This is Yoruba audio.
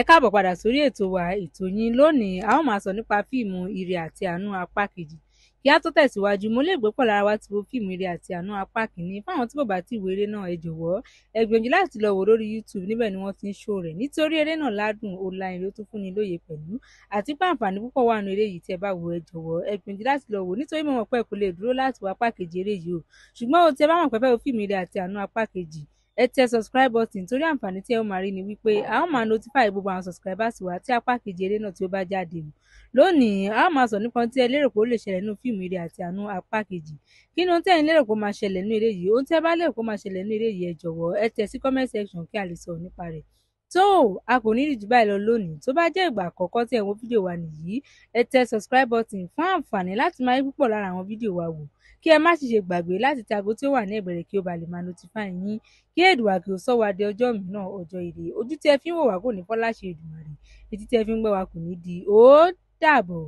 ẹ káàbọ̀ padà sórí ètò wa ètò yín lónìí a ó máa sọ nípa fíìmù ire àti àánú apá kejì kí a tó tẹ̀síwájú mo lè gbé pọ̀ lára wa ti wo fíìmù ire àti àánú apá kìíní fáwọn tí kò bá ti wo eré náà ẹ jọ̀wọ́ ẹ gbìyànjú láti lọ wò lórí youtube níbẹ̀ ni wọ́n ti ń ṣó rẹ̀ nítorí eré náà ládùn online ló tún fúnni lóye pẹ̀lú àti pé àǹfààní púpọ̀ wà nù eré yìí tí ẹ bá wo ẹ jọ̀wọ́ ẹ gbìyànjú láti lọ wò nítorí mo mọ̀ pé kò lè dúró láti wo apá kejì eré yìí o ṣùgbọ́n o ti ẹ bá mọ̀ pẹ́pẹ́ wo fíìmù ire àti àánú apá kejì ẹ tẹ subscribe button torí àǹfààní tí ẹ ó máa rí ni wípé a ó máa notify gbogbo àwọn subscribers wa tí apá kejì eré náà tí ó bá jáde o lónìí a ó máa sọ nípa ohun tí ẹ lérò pé ó lè ṣẹlẹ̀ nínú fíìmù eré àti àánú apá kejì kí ni ohun tí ẹ̀yin lérò pé ó máa ṣẹlẹ̀ nínú eré yìí ohun tí ẹ bá lérò pé ó máa ṣẹlẹ̀ nínú eré yìí ẹ jọ̀wọ́ ẹ tẹ sí comment section kí a lè sọ̀rọ̀ nípa rẹ̀ So, a kò ní jù báyìí lọ lónìí, tó bá jẹ́ ìgbà àkọ́kọ́ tí ẹ̀ fídíò wa nìyí, ẹ tẹ subscribe button fún àǹfààní láti máa rí púpọ̀ lára àwọn fídíò wa wò, kí ẹ má sì ṣe gbàgbé láti tẹ tí ó wà ní ẹ̀gbẹ́ kí ó ba lè máa notify yín, kí èdùà kí ó sọ wá dé ọjọ́ mìíràn ọjọ́ ire, ojú tí ẹ fi ń wò wá kò ní fọ́ láṣẹ Èdùmàrè, etí tí ẹ fi ń gbọ́ wa kò ní di. Ó dàbọ̀.